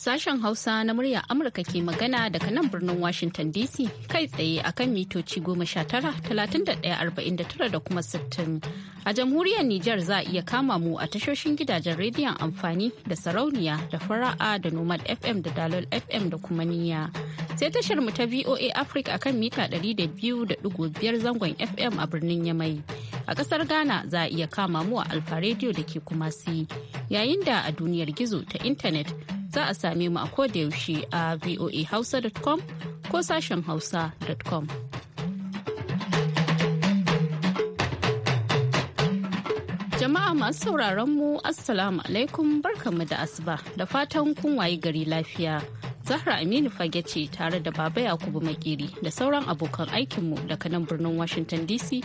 Sashen Hausa na murya Amurka ke magana daga nan birnin Washington DC kai tsaye akan mitoci goma sha tara, talatin da ɗaya arba'in tara da kuma sittin. A jamhuriyar Nijar za a iya kama mu a tashoshin gidajen rediyon amfani da sarauniya da fara'a da Nomad FM da Dalol FM da kuma niyya. Sai tashar mu ta VOA Africa akan mita ɗari da biyu da zangon FM a birnin Yamai. A ƙasar Ghana za a iya kama mu a Alfa Radio da ke Kumasi. Yayin da a duniyar gizo ta intanet za a same mu a yaushe a voahausa.com ko sashen hausa.com. Jama'a masu sauraron mu Assalamu alaikum barkamu da asuba da fatan kun wayi gari lafiya. Zahra Aminu fage ce tare da Baba Yakubu Makiri da sauran abokan aikinmu daga nan birnin Washington DC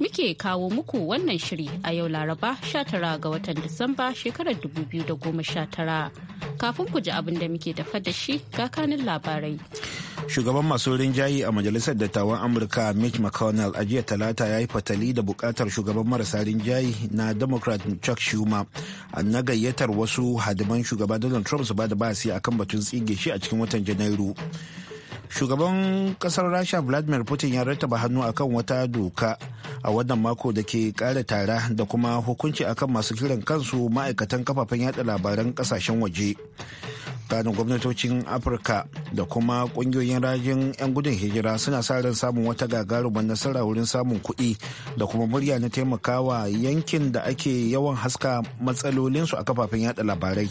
muke kawo muku wannan shiri a yau Laraba 19 ga watan Disamba shekarar 2019. Kafin ku ji abin da muke tafa da shi ga kanin labarai. Shugaban masu rinjaye a Majalisar Dattawan Amurka Mitch McConnell a jiya talata ya yi fatali da bukatar shugaban marasa rinjaye na Democrat Chuck Schumer na gayyatar wasu hadiman shugaba Donald Trump su ba da basi akan batun tsige shi a cikin watan Janairu. shugaban kasar rasha vladimir putin ya rattaba hannu akan wata doka a wannan mako da ke kara tara da kuma hukunci akan masu kiran kansu ma'aikatan kafafen yada labaran kasashen waje kanin gwamnatocin afirka da kuma kungiyoyin rajin 'yan gudun hijira suna sa ran samun wata gagarumar nasara wurin samun kuɗi da kuma murya na taimakawa yankin da ake yawan haska matsalolinsu a kafafen yada labarai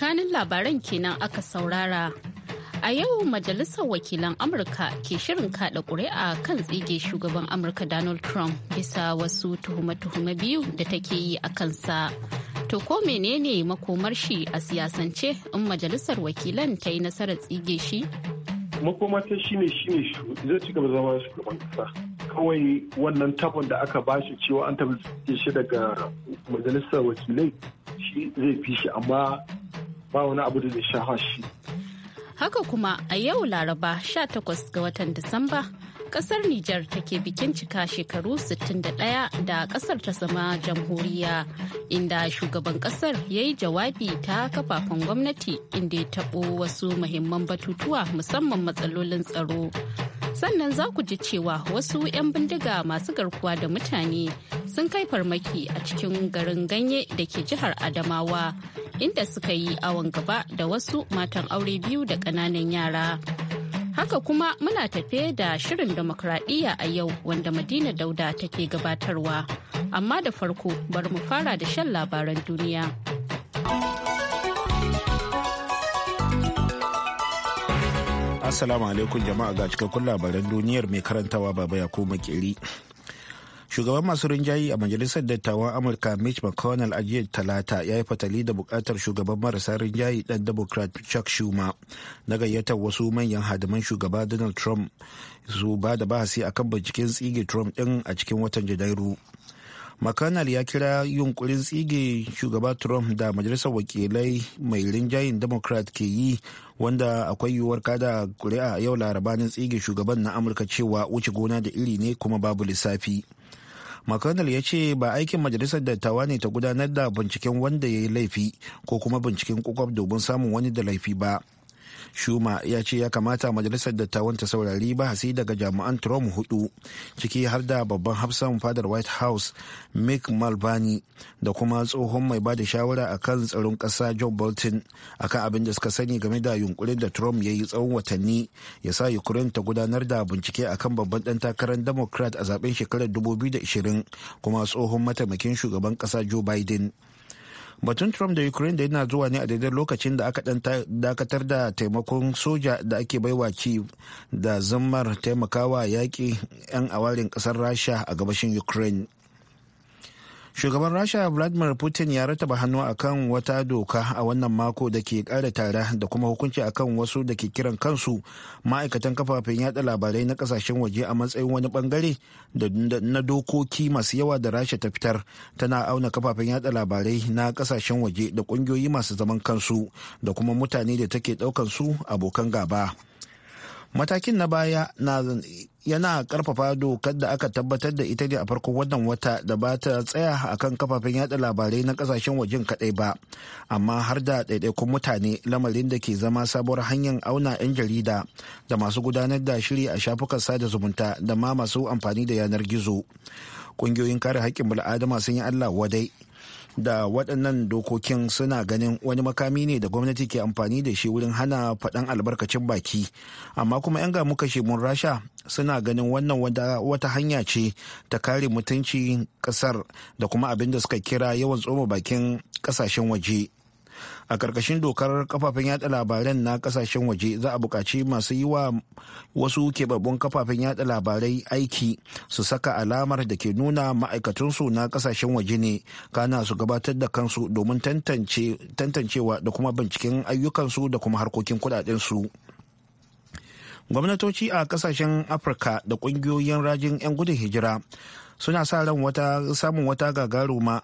kanin labaran kenan aka saurara A yau Majalisar Wakilan Amurka ke shirin kada ƙuri'a kan tsige shugaban Amurka Donald Trump bisa wasu tuhume-tuhume biyu da take yi a kansa. To ko menene makomar shi a siyasance in Majalisar Wakilan ta yi nasarar tsige shi? Makoma ta ne shi zai ci gaba zama shugaban kasa. kawai wannan tabon da aka bashi cewa an tabbatar shi daga majalisar wakilai shi zai fi shi amma ba wani abu da zai sha shi Haka kuma a yau Laraba 18 ga watan Disamba kasar Nijar take bikin cika shekaru 61 da kasar ta zama jamhuriya inda shugaban kasar ya yi jawabi ta kafafen gwamnati inda ya taɓo wasu muhimman batutuwa musamman matsalolin tsaro sannan za ku ji cewa wasu 'yan bindiga masu garkuwa da mutane sun kai farmaki a cikin garin ganye da ke jihar adamawa inda suka yi awon gaba da wasu matan aure biyu da ƙananan yara haka kuma muna tafe da shirin demokradiyya a yau wanda madina dauda take gabatarwa amma da farko bari mu fara da shan labaran duniya. Assalamu alaikum jama'a ga cikakkun labaran duniyar mai karantawa baba ya koma kiri. Shugaban masu rinjayi a majalisar dattawan Amurka Mitch McConnell a jiya talata ya yi fatali da bukatar shugaban marasa rinjayi ɗan Democrat Chuck Schumer na gayyatar wasu manyan hadiman shugaba Donald Trump su ba da bahasi akan binciken tsige Trump ɗin a cikin watan Janairu. mcconnell ya kira yunkurin tsige shugaba trump da majalisar wakilai mai rinjayen democrat ke yi wanda akwai yiwuwar kada kuri'a yau larabanin tsige shugaban na amurka cewa wuce gona da iri ne kuma babu lissafi mcconnell ya ce ba aikin majalisar dattawa ne ta gudanar da binciken wanda ya yi laifi ko kuma binciken kwakwaf domin samun wani da laifi ba Shuma ya ce ya kamata majalisar dattawan ta saurari bahasi daga jami'an Trump hudu ciki har da babban hafsan fadar White House Mick malvani da kuma tsohon mai bada shawara a kan tsaron ƙasa Joe Bolton a kan abin da suka sani game da yunkurin da Trump ya yi tsawon watanni ya sa Ukraine ta gudanar da bincike a kan babban ɗan takarar Democrat a zaben shekarar 2020 kuma tsohon mataimakin shugaban ƙasa Joe Biden. batun trump da ukraine da yana zuwa ne a daidai lokacin da aka dakatar da taimakon soja da ake baiwa kiev da zammar taimakawa yaƙi 'yan awarin ƙasar rasha a gabashin ukraine shugaban rasha vladimir putin ya rataba hannu akan wata doka a wannan mako da ke kara tara da kuma hukunci akan wasu da ke kiran kansu ma'aikatan kafafen yada labarai na kasashen waje a matsayin wani bangare na dokoki masu yawa da rasha ta fitar tana auna kafafen yada labarai na kasashen waje da kungiyoyi masu zaman kansu da kuma mutane da take daukan su abokan gaba. matakin na baya na yana karfafa dokar da aka tabbatar da ita ne a farkon wannan wata da ba ta tsaya a kan kafafen yada labarai na kasashen wajen kadai ba amma har da ɗaiɗaikun mutane lamarin da ke zama sabuwar hanyar auna 'yan jarida da masu gudanar da shiri a shafukan sada zumunta da ma masu amfani da yanar gizo ƙungiyoyin kare haƙƙin bil'adama sun yi allah wadai da waɗannan dokokin suna ganin wani makami ne da gwamnati ke amfani da shi wurin hana faɗan albarkacin baki amma kuma 'yan gamu kashe mun rasha suna ganin wannan wata hanya ce ta kare mutunci ƙasar da kuma abin da suka kira yawan tsoma bakin ƙasashen waje a ƙarƙashin dokar kafafen yada labaran na ƙasashen waje za a buƙaci masu yi wa wasu keɓaɓɓun kafafen yada labarai aiki su saka alamar da ke nuna ma'aikatunsu na ƙasashen waje ne kana su gabatar da kansu domin tantancewa da kuma binciken ayyukansu da kuma harkokin kuɗaɗensu. gwamnatoci a kasashen afirka da ƙungiyoyin rajin 'yan gudun hijira suna sa ran wata samun wata gagaruma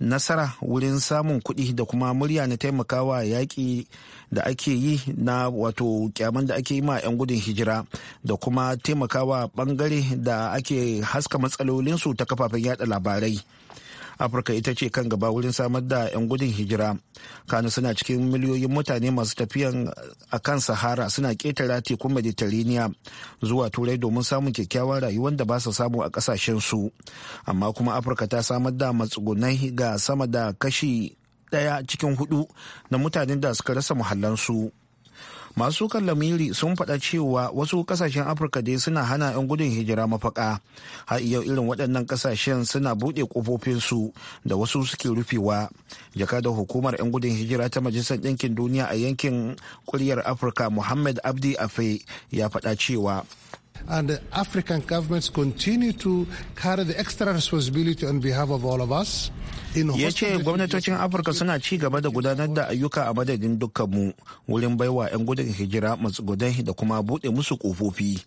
nasara wurin samun kuɗi da kuma murya na taimakawa yaƙi da ake yi na wato kyaman da ake yi ma 'yan gudun hijira da kuma taimakawa ɓangare da ake haska matsalolinsu ta kafafen yada labarai. afirka ita ce kan gaba wurin samar da 'yan gudun hijira kano suna cikin miliyoyin mutane masu tafiyan a kan sahara suna ƙetara tekun mediterania zuwa turai domin samun kyakkyawan rayuwar da ba su samu a ƙasashen su amma kuma afirka ta samar da matsugunai ga sama da kashi daya cikin hudu na mutanen da suka rasa muhallansu. su masu kallamiri sun faɗa cewa wasu kasashen afirka dai suna hana 'yan gudun hijira mafaka har yau irin waɗannan kasashen suna buɗe ƙofofinsu da wasu suke rufewa da hukumar 'yan gudun hijira ta majalisar ɗinkin duniya a yankin kuryar afirka muhammad abdi afe ya faɗa cewa and the African governments continue to carry the extra responsibility on behalf of all of us. ya ce gwamnatocin afirka suna ci gaba da gudanar da ayyuka a madadin dukkanmu wurin baiwa 'yan gudun hijira matsugudan da kuma buɗe musu kofofi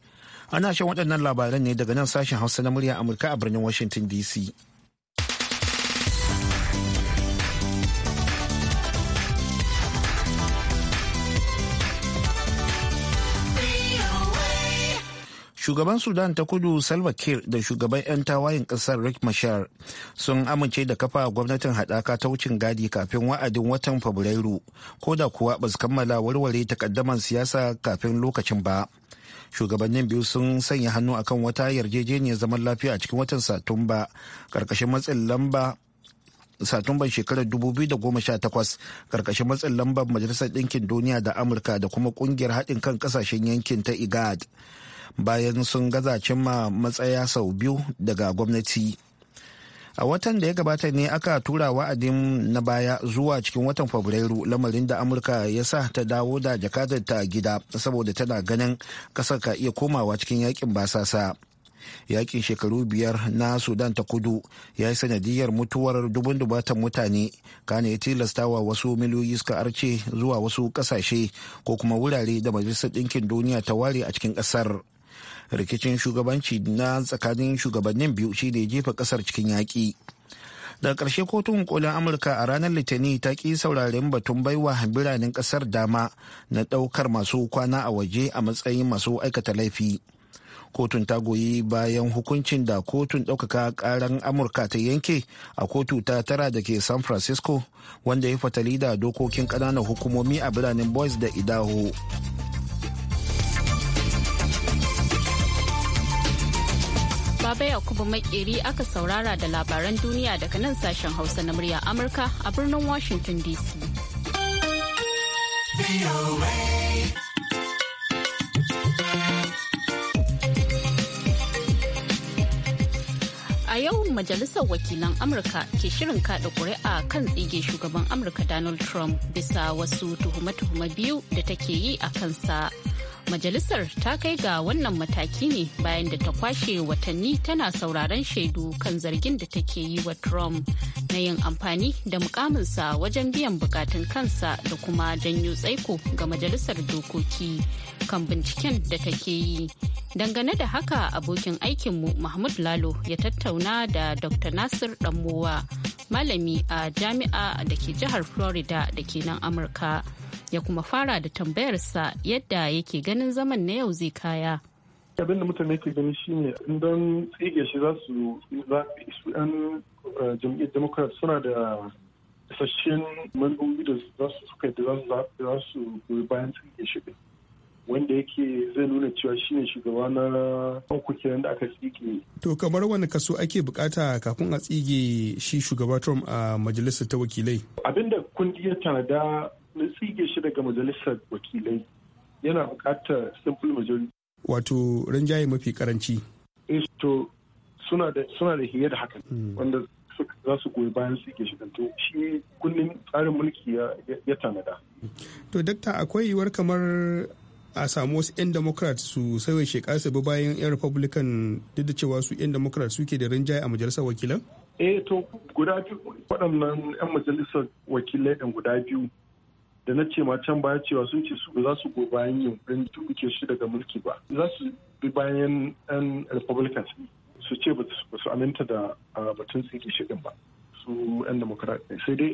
ana shan waɗannan labaran ne daga nan sashen hausa na murya amurka a birnin washington dc shugaban sudan ta kudu salva kiir da shugaban 'yan tawayin kasar rick machar sun amince da kafa gwamnatin hadaka ta wucin gadi kafin wa'adin watan fabrairu ko da kuwa ba kammala warware takaddaman siyasa kafin lokacin ba shugabannin biyu sun sanya hannu akan wata yarjejeniyar zaman lafiya a cikin watan satumba karkashin matsin lamba satumban shekarar 2018 karkashin matsin lambar majalisar ɗinkin duniya da amurka da kuma kungiyar haɗin kan ƙasashen yankin ta igad bayan sun gaza cimma matsaya sau biyu daga gwamnati a watan da ya gabata ne aka tura wa'adin na baya zuwa cikin watan fabrairu lamarin da amurka ya sa ta dawo da jakadar ta gida saboda tana ganin kasar ka iya komawa cikin yakin basasa yakin shekaru biyar na sudan ta kudu ya yi sanadiyar mutuwar dubun dubatan mutane kane ya tilastawa wasu miliyoyi suka arce zuwa wasu kasashe ko kuma wurare da majalisar ɗinkin duniya ta ware a cikin ƙasar. rikicin shugabanci na tsakanin shugabannin biyu shi ne jefa kasar cikin yaƙi daga ƙarshe kotun kolin amurka a ranar litinin ta ƙi saurarin batun baiwa biranen ƙasar dama na ɗaukar masu kwana a waje a matsayin masu aikata laifi kotun ta goyi bayan hukuncin da kotun ɗaukaka ƙaran amurka ta yanke a kotu ta tara da ke san francisco wanda ya fatali da dokokin ƙananan hukumomi a biranen boys da idaho Baba kuma Makeri aka saurara da labaran duniya daga nan sashen Hausa na murya Amurka a birnin Washington DC. A yau Majalisar Wakilan Amurka ke shirin kada kuri'a kan tsige shugaban Amurka Donald Trump bisa wasu tuhume-tuhume biyu da take yi a kansa. Majalisar ta kai ga wannan mataki ne bayan da ta kwashe watanni tana sauraron shaidu kan zargin da take yi wa Trump na yin amfani da mukaminsa wajen biyan bukatun kansa da kuma janyo tsaiko ga Majalisar Dokoki kan binciken da take yi. Dangane da haka abokin aikinmu Mahmud Lalo ya tattauna da Dr. Nasir Danmowa, malami a jami'a da ke jihar Florida da ke nan Amurka. ya kuma fara da tambayarsa yadda yake ganin zaman na yau zai kaya. abin da mutane ke gani shine in don tsige shi za su su yan eh, jam'iyyar democrat suna da isasshen mambobi da za su suka da za su goyi bayan tsige shi wanda yake zai nuna cewa shi ne shugaba na uku kenan da aka tsige. To kamar wani kaso ake bukata kafin a tsige shi shugaba Trump a majalisar ta wakilai? Abinda kundi ya tanada na tsige shi daga majalisar wakilai yana bukatar simple majority. Wato rinjaye mafi karanci. Eh to suna da suna da hiye haka hmm. wanda za su goyi bayan suke to shi kullum tsarin mulki ya tanada. Hmm. To dakta akwai yiwuwar kamar a samu wasu 'yan democrat su sauya shekara su bi bayan 'yan republican duk da cewa su 'yan democrat suke da rinjaye a majalisar wakilan? eh to guda biyu waɗannan 'yan majalisar wakilai ɗan guda biyu da na ce can baya cewa sun ce su ba za su go bayan yunkurin duke shi daga mulki ba za su bi bayan 'yan republicans su ce ba su aminta da batun tsiki shi ba su 'yan democrat sai dai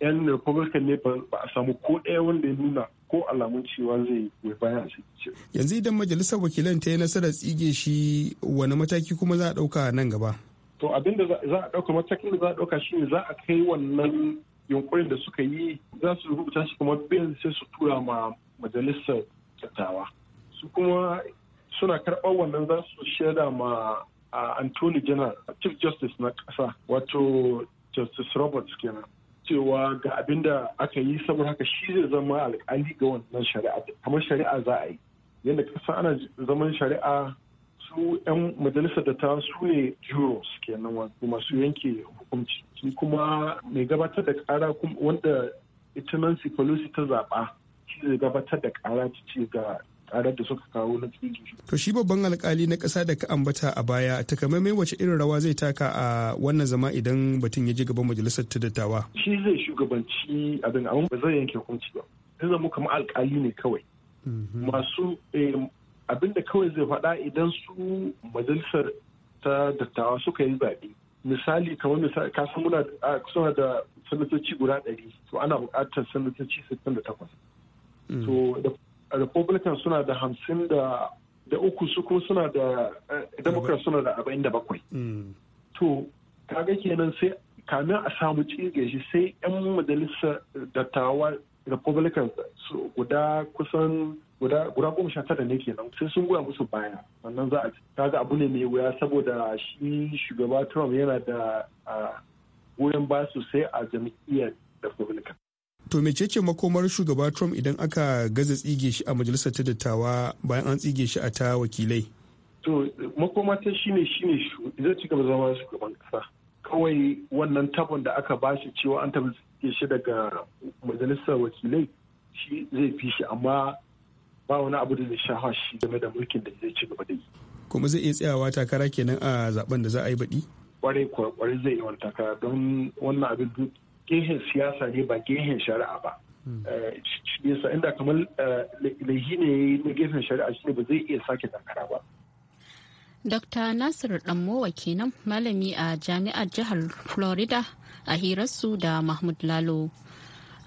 'yan republican ne ba a samu ko ɗaya wanda ya nuna ko alamun cewa zai goyi bayan a cikin yanzu idan majalisar wakilan ta yi nasarar tsige shi wani mataki kuma za a ɗauka nan gaba to abin da za a ɗauka matakin da za a ɗauka shi ne za a kai wannan yunkurin da suka yi za su rubuta shi kuma bin sai su tura ma majalisar dattawa su kuma suna karɓar wannan za su shaida ma a Anthony General Chief Justice na ƙasa wato Justice Roberts kenan cewa ga abin da aka yi saboda haka shi zai zama alkali ga wannan shari'a kamar shari'a za a yi yadda kasa ana zaman shari'a su 'yan majalisar da ta su ne juros kenan wasu masu yanke hukunci shi kuma mai gabatar da kara wanda ita nan ta zaɓa shi zai gabatar da kara ta ce ga karar da suka kawo na cikin to shi babban alkali na ƙasa da ka ambata a baya takamaimai wace irin rawa zai taka a wannan zama idan batun ya ji gaban majalisar ta dattawa shi zai shugabanci abin amma ba zai yanke hukunci ba zai zama kamar alkali ne kawai mhm. masu eh, abin da kawai zai faɗa idan su majalisar ta dattawa suka yi zaɓe misali kamar misali ka san muna suna da sanatoci guda ɗari to ana buƙatar sanatoci mm. To da takwas republican suna da hamsin da da uku su kuma suna da eh, democrat suna da abin da bakwai mm. to kaga kenan sai kamin a samu cige shi sai yan majalisar dattawa republicans su guda kusan guda goma sha tara ne kenan sai sun goya musu baya wannan za a kaga abu ne mai wuya saboda shi shugaba trump yana da goyon ah, basu sosai a jam'iyyar republican To mecece makomar shugaba Trump idan aka gaza tsige shi a majalisar ta dattawa bayan an tsige shi a ta wakilai? To makoma ta shine shine zai ci gaba zama shugaban kasa. Kawai wannan tabon da aka bashi cewa an taɓa tsige shi daga majalisar wakilai shi zai fi shi amma ba wani abu da zai sha shi game da mulkin da zai ci gaba da yi. Kuma zai iya tsayawa takara kenan a zaben da za a yi baɗi? kwarai kwarai zai yi wani takara don wannan abin gehen siyasa ne ba gehen shari'a ba hmm. eh, yasa inda kamar eh, laihi ne na gefen shari'a shi ne ba zai iya sake takara ba Dr. Nasir Danmowa kenan malami a jami'ar jihar Florida a hirarsu da Mahmud Lalo.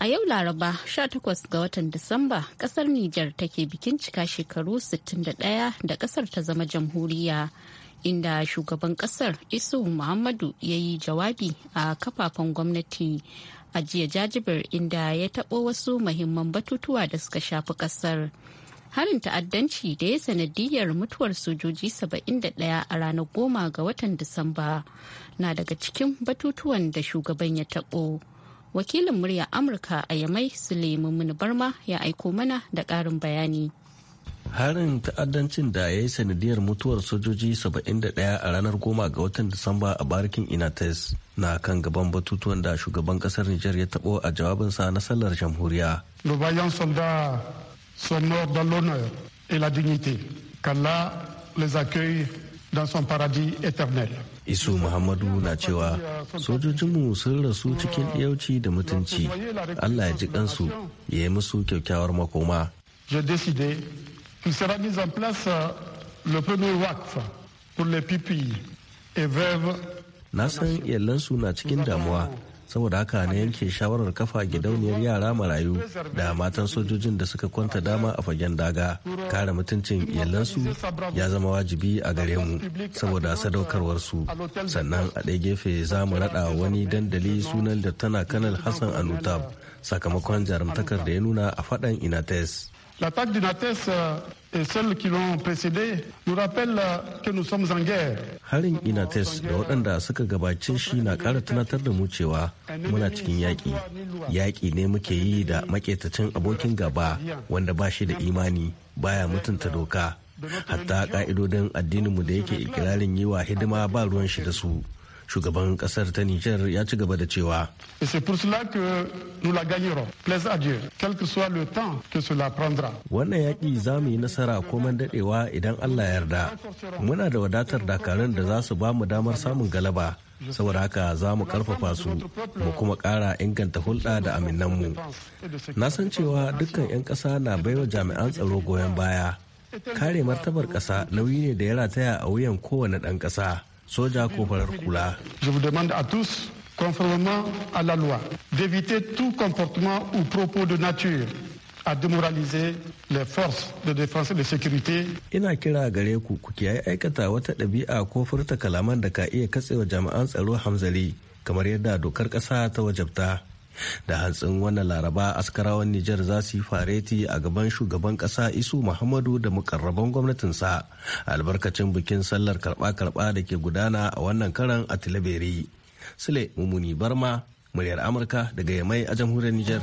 A yau Laraba 18 ga watan Disamba kasar Nijar take bikin cika shekaru 61 da kasar ta zama jamhuriya. inda shugaban kasar isu muhammadu ya yi jawabi a kafafen gwamnati a jiya jajibir inda ya taɓo wasu mahimman batutuwa da suka shafi kasar harin ta'addanci da ya sanadiyar mutuwar sojoji 71 a ranar goma ga watan disamba na daga cikin batutuwan da shugaban ya taɓo wakilin murya amurka a yamai suleiman barma ya aiko mana da ƙarin bayani harin ta'addancin da ya yi sanadiyar mutuwar sojoji 71 a ranar 10 ga watan disamba a barikin inates na kan gaban batutuwan da shugaban kasar nijar ya tabo a jawabinsa na sallar jamhuriya le vaillant soldat sonore dans l'honneur et la dignité les paradis éternel isu muhammadu na cewa sojojinmu sun rasu cikin yauci da mutunci allah ya ji kansu ya yi musu kyaukyawar makoma Je Il sera mis en place euh, le premier WACF pour les pupilles et veuves. Na san iyalansu na cikin damuwa saboda haka na yanke shawarar kafa gidauniyar yara marayu da matan sojojin da suka kwanta dama a fagen daga kare mutuncin iyalansu ya zama wajibi a gare mu saboda sadaukarwar su sannan a ɗaya gefe za mu raɗa wani dandali sunan da tana kanal hassan anutab sakamakon jarumtakar da ya nuna a faɗan inates L'attaque du Natès et euh, celles qui l'ont précédé nous rappellent euh, que nous sommes en guerre. Harin Inates da waɗanda suka gabacin shi na ƙara tunatar da mu cewa muna cikin yaƙi. Yaƙi ne muke yi da maƙetacin abokin gaba wanda ba shi da imani baya mutunta doka. Hatta ƙa'idodin addininmu da yake ikirarin yi wa hidima ba ruwan shi da su. shugaban kasar ta nijar ya ci gaba da cewa wannan yaƙi za mu yi nasara ko man daɗewa idan allah yarda muna da wadatar dakarun da za su ba mu damar samun galaba saboda haka za mu karfafa su mu kuma kara inganta hulɗa da aminanmu na san cewa dukkan 'yan ƙasa na baiwa jami'an tsaro goyon baya kare martabar ƙasa nauyi ne da ya rataya a wuyan kowane ɗan ƙasa soja ko farar kula. Je vous demande à tous, conformément à la loi, d'éviter tout comportement ou propos de nature a demoraliser les forces de défense et de sécurité. Ina kira gare ku ku kiyaye aikata wata ɗabi'a ko furta kalaman da ka iya katsewa jami'an tsaro hamzali kamar yadda dokar ƙasa ta wajabta. da hantsin wannan laraba askarawan Nijar za su yi fareti a gaban shugaban ƙasa Isu Muhammadu da mukarraban gwamnatinsa albarkacin bikin sallar karɓa-karɓa da ke gudana a wannan karan a Tilaberi. Sule Mumuni Barma, muryar Amurka daga Yamai a jamhuriyar Nijar.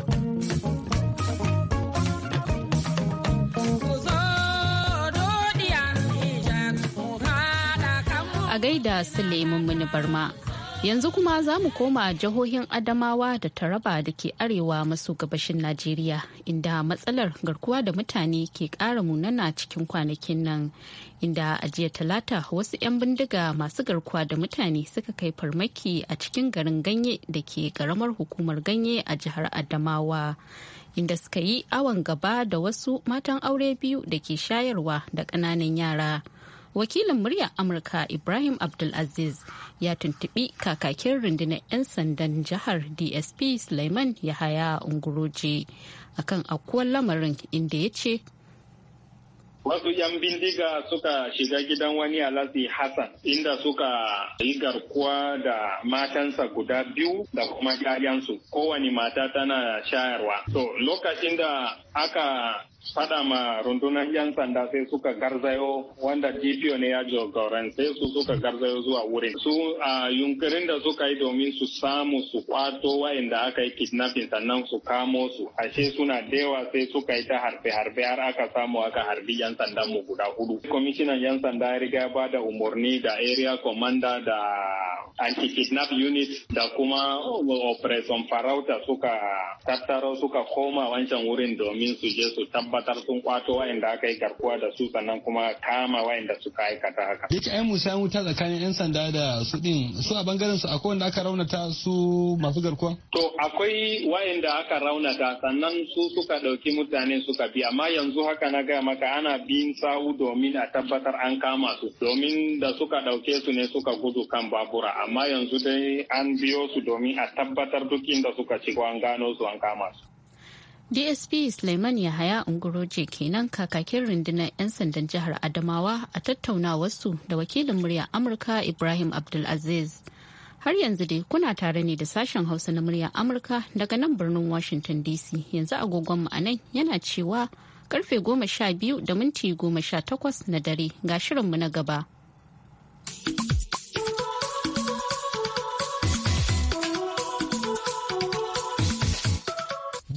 A gaida Sule Mumuni Barma. Yanzu kuma za mu koma jihohin Adamawa da Taraba da ke arewa maso gabashin Najeriya inda matsalar garkuwa da mutane ke ƙara munana cikin kwanakin nan inda a jiya talata wasu 'yan bindiga masu garkuwa da mutane suka kai farmaki a cikin garin ganye da ke ƙaramar hukumar ganye a jihar Adamawa. Inda suka yi awon gaba da wasu matan aure biyu da ke shayarwa da ƙananan yara. wakilin murya amurka ibrahim abdulaziz ya tuntubi kakakin rundunar 'yan sandan jihar dsp suleiman yahaya unguroje akan akuwar lamarin inda ya ce wasu 'yan bindiga suka shiga gidan wani alhaji hassan inda suka yi garkuwa da matansa guda biyu da kuma 'ya'yansu kowane mata tana shayarwa so lokacin da aka fada ma rundunar 'yan sanda sai suka garzayo wanda dpo ne ya jagorance su suka garzayo zuwa wurin su a yunkurin da suka yi domin su samu su kwato wa'inda aka yi kidnapping sannan su kamo su ashe suna dewa sai suka yi ta harbe harbe har aka samu aka harbi 'yan sandan mu guda hudu kwamishinan 'yan sanda ya riga ba da umarni da area commander da anti-kidnap unit da kuma operation farauta suka tattaro suka koma wancan wurin domin su je su taba. tabbatar sun kwato wa'inda aka yi garkuwa da su sannan kuma kama wa'inda suka aikata haka. Duk yake ai wuta tsakanin 'yan sanda da su din su a bangaren su akwai wanda aka raunata su masu garkuwa? To akwai wa'inda aka raunata sannan su suka ɗauki mutane suka bi amma yanzu haka na gaya maka ana bin sahu domin a tabbatar an kama su domin da suka ɗauke su ne suka gudu kan babura amma yanzu dai an biyo su domin a tabbatar duk inda suka ci an gano su an kama su. dsp suleiman yahaya unguroje kenan kakakin rundunar 'yan sandan jihar adamawa a tattaunawarsu da wakilin murya amurka ibrahim abdulaziz har yanzu dai kuna tare ne da sashen hausa na murya amurka daga nan birnin washington dc yanzu agogonmu a nan yana cewa karfe goma sha biyu da minti goma sha takwas na dare ga shirinmu na gaba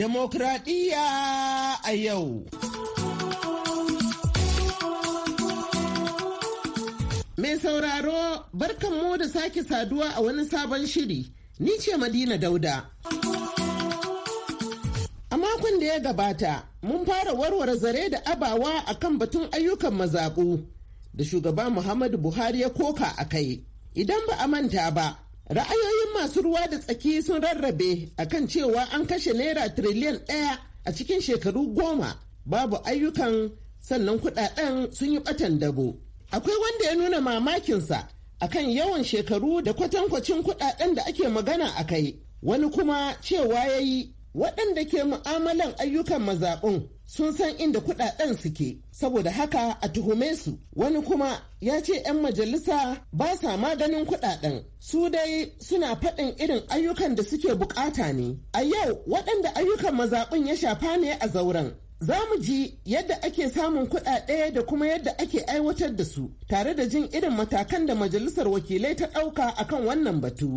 Demokradiyya a yau. Mai sauraro barkan mu da sake saduwa a wani sabon shiri, ni ce Madina Dauda. A makon da ya gabata, mun fara warware zare da abawa a kan batun ayyukan mazaƙu da shugaba Muhammadu Buhari ya koka a kai. Idan ba a manta ba, Ra'ayoyin masu ruwa da tsaki sun rarrabe a kan cewa an kashe naira tiriliyan ɗaya a cikin shekaru goma babu ayyukan sannan kudaden sun yi batan dabo. Akwai wanda ya nuna mamakinsa a kan yawan shekaru da kwatankwacin kudaden da ake magana a kai, wani kuma cewa ya yi waɗanda ke mu'amalan ayyukan mazaɓun sun san inda kudaden suke saboda haka a tuhume su wani kuma ya ce 'yan majalisa ba sa maganin kudaden su dai suna faɗin irin ayyukan da suke bukata ne a yau waɗanda ayyukan mazaɓin ya shafa ne a zauren za mu ji yadda ake samun kudade da kuma yadda ake aiwatar da su tare da jin irin matakan da majalisar wakilai ta ɗauka akan wannan batu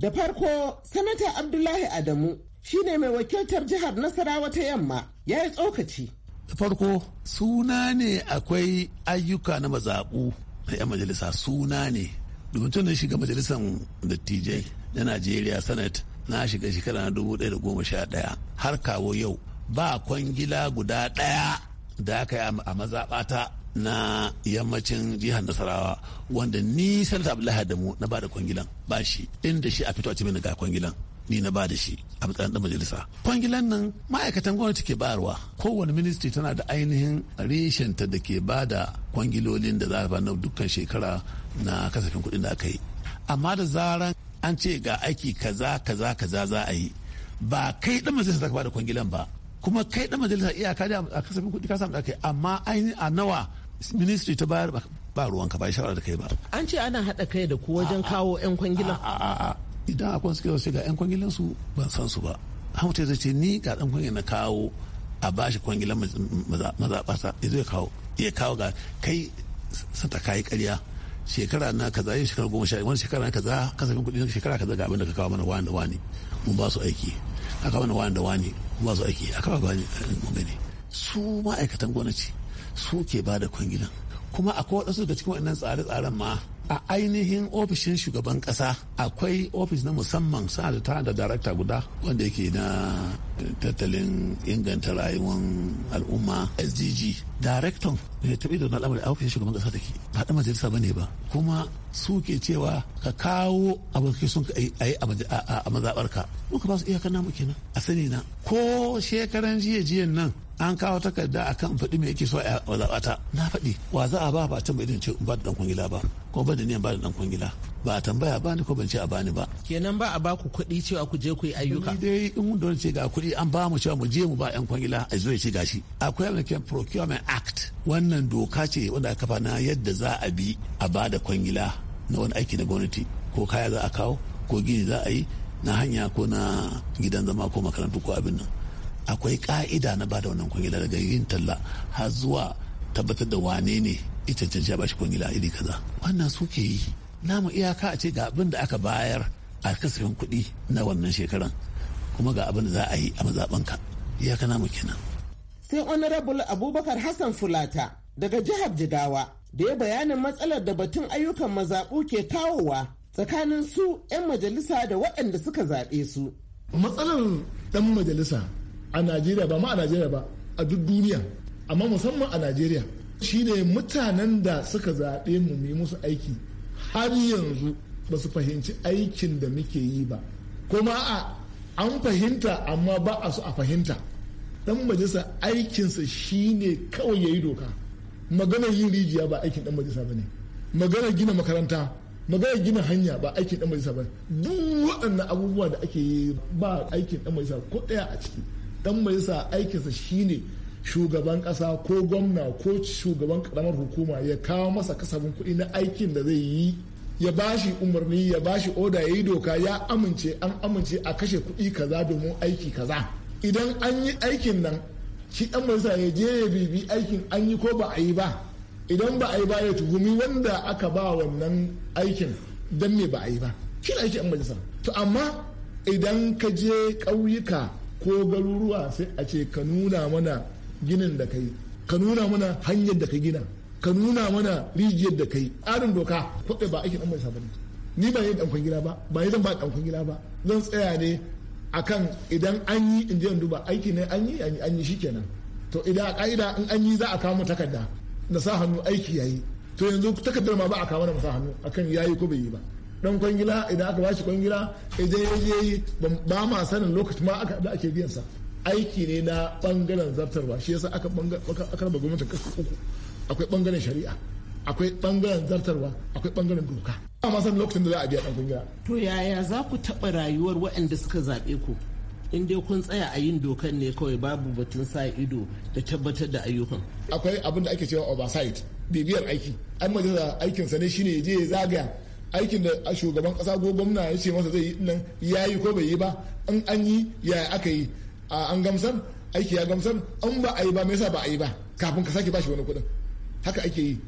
da farko sanata abdullahi adamu shine mai wakiltar jihar Nasarawa ta yamma ya yi tsokaci. farko suna ne akwai ayyuka na mazaɓu na 'yan majalisa suna ne domin tun shiga majalisar dattijai na najeriya senate na shiga shekara na 2011 har kawo yau ba kwangila guda ɗaya da aka yi a mazaɓata na yammacin jihar nasarawa wanda ni sanata abdullahi adamu na ba da kwangilan ba shi inda shi a fito a cimin ga kwangilan ni na ba da shi a matsayin ɗan majalisa kwangilan nan ma'aikatan gwamnati ke bayarwa kowane ministry tana da ainihin reshenta da ke ba da kwangilolin da za a na dukkan shekara na kasafin kuɗin da aka yi amma da zaran an ce ga aiki kaza kaza kaza za a yi ba kai ɗan majalisa za ka ba da kwangilan ba kuma kai ɗan majalisa iyaka da a kasafin kuɗi ka samu da kai amma ainihin a nawa ministry ta bayar ba ruwanka ba shawara da kai ba an ce ana haɗa kai da ku wajen kawo 'yan kwangila idan akwai suke wasu ga 'yan kwangilan su ban san su ba hamta zai ce ni ga dan kwangilin na kawo a bashi kwangilan mazaɓata ya zai kawo Ya kawo ga kai sata kayi karya shekara na kaza yau shekara goma sha wani shekara na kaza kasafin kuɗi shekara kaza ga abinda ka kawo mana wani da wani mun ba su aiki ka kawo mana wani da wani mun ba su aiki a kawo gani eh, mun gani su ma'aikatan gwamnati su ke ba da kwangilan kuma akwai waɗansu daga cikin waɗannan tsare-tsaren ma a ainihin ofishin shugaban kasa akwai ofis na musamman sa da tana da darakta guda wanda yake na tattalin inganta rayuwar al'umma sdg daraktan da ya da na da a ofishin shugaban kasa take ba da majalisa ba ne ba kuma su ke cewa ka kawo abokai sun ka yi a mazaɓarka muka ba su kan namu kenan a sani na ko shekaran jiya jiyan nan an kawo takarda a kan faɗi mai yake so a zaɓata na faɗi wa za a ba ba ta mai ce ba da ɗan kwangila ba ko ba da niyan ba da dan kwangila ba a tambaya ba ni ko ban ce a bani ba kenan ba a ba ku kuɗi cewa ku je ku yi ayyuka ni dai in don ce ga kuɗi an ba mu cewa mu je mu ba yan kwangila a zo ya ce gashi akwai American Procurement Act wannan doka ce wanda aka kafa na yadda za a bi a ba da kwangila na wani aiki na gwamnati ko kaya za a kawo ko gini za a yi na hanya ko na gidan zama ko makarantu ko abin nan akwai ka'ida na ba da wannan kwangila daga yin talla har zuwa tabbatar da wane ne ita cancanci a shi kwangila iri kaza wannan suke yi namu iyaka a ce ga abin da aka bayar a kasafin kuɗi na wannan shekaran kuma ga abin da za a yi a mazaɓanka iyaka namu kenan. sai honorable abubakar hassan fulata daga jihar jigawa da ya bayanin matsalar da batun ayyukan mazaɓu ke kawowa tsakanin su 'yan majalisa da waɗanda suka zaɓe su. matsalar ɗan majalisa a najeriya ba ma a najeriya ba a duk duniya amma musamman a najeriya shine mutanen da suka zaɓe mu yi musu aiki har yanzu ba su fahimci aikin da muke yi ba kuma a an fahimta amma ba a su a fahimta dan majalisa aikinsa shine kawai ya yi doka magana yin rijiya ba aikin dan majalisa ba ne magana gina makaranta magana gina hanya ba aikin dan majalisa ba duk waɗannan abubuwa da ake yi ba aikin dan majalisa ko ɗaya a ciki dan majalisa aikinsa shine shugaban kasa ko gwamna ko shugaban karamar hukuma ya kawo masa kasafin kuɗi na aikin da zai yi ya bashi umarni ya bashi oda ya yi doka ya amince an amince a kashe kuɗi kaza domin aiki kaza idan an yi aikin nan shi dan majalisa ya je ya bibi aikin an yi ko ba a yi ba idan ba a yi ba ya tuhumi wanda aka ba wannan aikin dan me ba a yi ba shi ne aikin majalisa to amma idan ka je ƙauyuka ko garuruwa sai a ce ka nuna mana ginin da kai ka nuna mana hanyar da ka gina ka nuna mana rijiyar da kai tsarin doka kwaɗe ba aikin ɗan mai ni ba yi ɗankon gida ba ba yi zan ba ɗankon gida ba zan tsaya ne akan idan an yi in je duba aiki ne an yi an yi shikenan to idan a ka'ida in an yi za a kawo takarda na sa hannu aiki yayi to yanzu takardar ma ba a kawo na sa hannu akan yayi ko bai yi ba dan kwangila idan aka bashi kwangila idan ya je yi ba ma sanin lokacin ma aka da ake biyan sa aiki ne na bangaren zartarwa shi yasa aka raba gwamnatin kasu uku akwai bangaren shari'a akwai bangaren zartarwa akwai bangaren doka a san lokacin da za a biya dan kungiya to yaya za ku taɓa rayuwar waɗanda suka zaɓe ku in dai kun tsaya a yin dokan ne kawai babu batun sa ido da tabbatar da ayyukan akwai abin da ake cewa oversight bibiyar aiki an majalisa sa ne shine je ya zagaya aikin da shugaban kasa ko gwamna ya ce masa zai yi nan ya ko bai yi ba in an yi yaya aka yi an gamsar aiki ya gamsar an ba a yi ba me yasa ba a yi ba kafin ka sake bashi wani kudin haka ake yi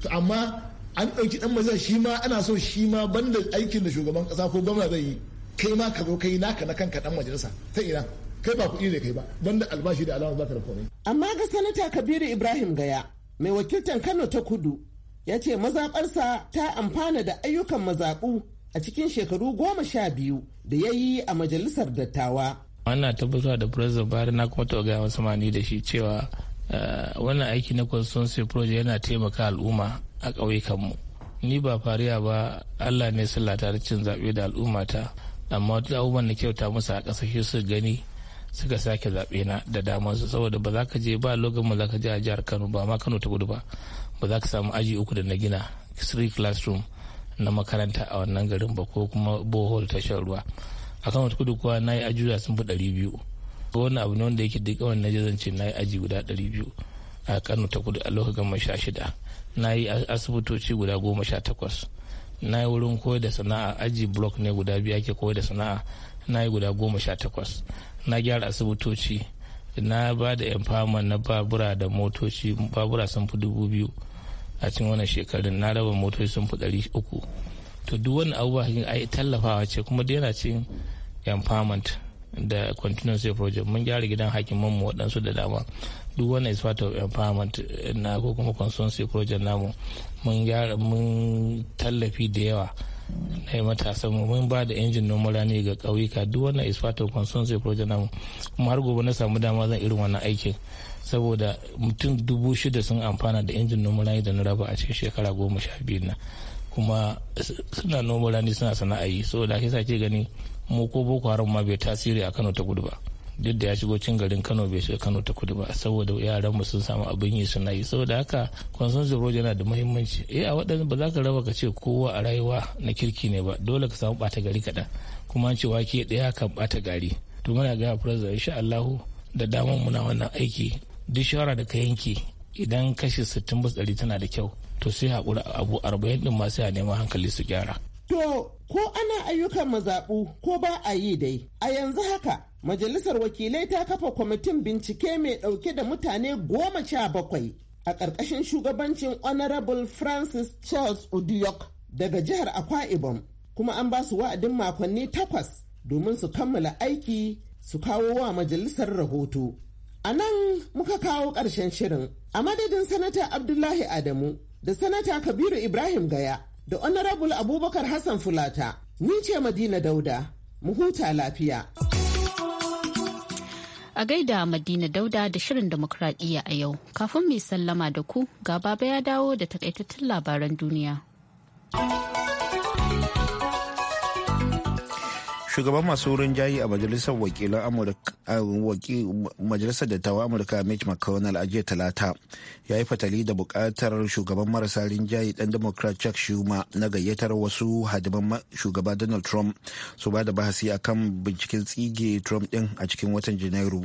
to amma an ɗauki ɗan majalisa shi ma ana so shi ma banda aikin da shugaban ƙasa ko gwamna zai yi kai ma ka zo kai naka na kanka ɗan majalisa ta ina kai ba kuɗi ne kai ba banda albashi da alama baka da komai. amma ga sanata kabiru ibrahim gaya mai wakiltar kano ta kudu ya ce mazaɓarsa ta amfana da ayyukan mazaɓu a cikin shekaru goma sha biyu da ya yi a majalisar dattawa ana tabbatar da Firas Buhari na kuma taɓa gaya mani da shi cewa eh, wannan aiki na constancy project yana taimaka al'umma a ƙauyukanmu. Ni ba fariya ba Allah ne sallah da cin zaɓe da alumma ta amma wata abubuwan na kyauta musu a shi su gani suka sake zaɓe na da damar su saboda ba za ka je ba logan ba za ka je a jihar Kano ba ma Kano ta gudu ba ba za ka samu aji uku da na gina three classroom na makaranta a wannan garin ba ko kuma bohol tashar ruwa a kan kudu kowa na yi ajuza sun fi ɗari biyu wani abu ne wanda yake duk wani na jazance na yi aji guda ɗari biyu a kano ta kudu a lokacin goma sha shida na yi asibitoci guda goma sha takwas na yi wurin koyar da sana'a aji blok ne guda biyu ake koyar da sana'a na yi guda goma sha takwas na gyara asibitoci na ba da empowerment na babura da motoci babura sun fi dubu biyu a cikin wannan shekarun na raba motoci sun fi ɗari uku to duk wani abubuwa ai tallafawa ce kuma da yana cin empowerment da continuous project mun gyara gidan hakiman mu waɗansu da dama duk wani is part of empowerment na ko kuma consultancy project namu mun gyara mun tallafi da yawa na matasan matasa mun ba da injin noman rani ga ƙauyuka duk wannan is part of consultancy project namu kuma har gobe na samu dama zan irin wannan aikin saboda mutum dubu shida sun amfana da injin noman rani da na raba a cikin shekara goma sha biyu na kuma suna noma rani suna sana'a yi da haka ke gani mu ko boko haram ma bai tasiri a Kano ta Kudu ba duk da ya shigo cin garin Kano bai shiga Kano ta Kudu ba saboda yaran mu sun samu abin yi suna yi saboda haka kwanson zuro yana da muhimmanci eh a waɗanda ba za ka raba ka ce kowa a rayuwa na kirki ne ba dole ka samu bata gari kaɗan kuma cewa ce wake ɗaya kan ɓata gari to muna ga president insha Allahu da damar muna wannan aiki duk shawara da ka yanke idan kashi 60 tana da kyau to sai haƙura abu arba'in din ma sai a neman hankali su gyara. To ko ana ayyukan mazaɓu ko ba a yi dai a yanzu haka majalisar wakilai ta kafa kwamitin bincike mai ɗauke da mutane goma sha bakwai a ƙarƙashin shugabancin honorable francis charles udiok daga jihar akwa ibom kuma an ba su wa'adin makonni takwas domin su kammala aiki su kawo wa majalisar rahoto a nan muka kawo ƙarshen shirin a madadin sanata abdullahi adamu da sanata kabiru ibrahim gaya da honorable abubakar hassan fulata ni ce madina dauda mu huta lafiya a gaida madina dauda da shirin demokradiyya a yau kafin mai sallama da ku gaba ya dawo da takaitattun labaran duniya. shugaban masu wurin jayi a majalisar wakilan majalisar dattawan amurka mitch mcconnell a jiya talata ya yi fatali da bukatar shugaban marasa rinjaye dan democrat chuck schumer na gayyatar wasu hadiman shugaba donald trump su ba da bahasi akan binciken tsige trump din a cikin watan janairu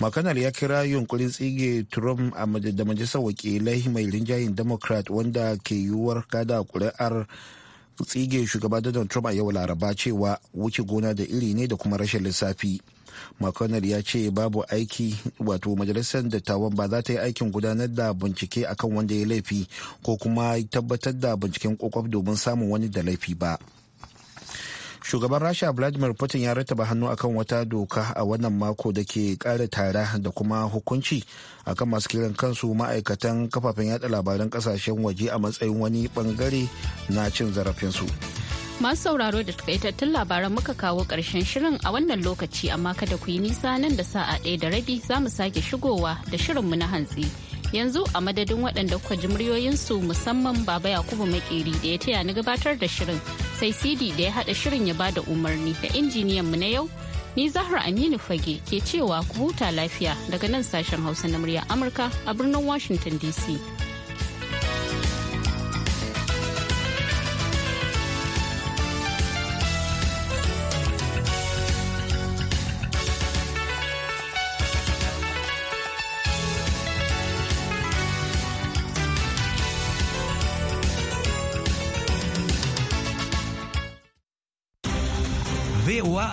mcconnell ya kira yunkurin tsige trump da majalisar wakilai mai rinjayen democrat wanda ke yiwuwar kada kuri'ar tsige shugaba donald trump a yau laraba cewa wuce gona da iri ne da kuma rashin lissafi mcconnell ya ce babu aiki wato majalisar dattawan ba za ta yi aikin gudanar da bincike akan wanda ya laifi ko kuma tabbatar da binciken kokwaf domin samun wani da laifi ba shugaban rasha vladimir putin ya rattaba hannu akan wata doka a wannan mako da ke kara tara da kuma hukunci akan masu kiran kansu ma'aikatan kafafen yada labaran kasashen waje a matsayin wani bangare na cin zarafinsu masu sauraro da takaitattun labaran muka kawo karshen shirin a wannan lokaci amma kada ku yi nisa nan da sa'a ɗaya da rabi za mu sake shigowa da shirin mu na hantsi. yanzu a madadin waɗanda kuka ji muryoyinsu musamman baba yakubu makeri da ya taya ni gabatar da shirin sai cd da ya haɗa shirin ya bada umarni da injiniyan mu na yau ni zahra aminu fage ke cewa ku huta lafiya daga nan sashen hausa na murya amurka a birnin washington dc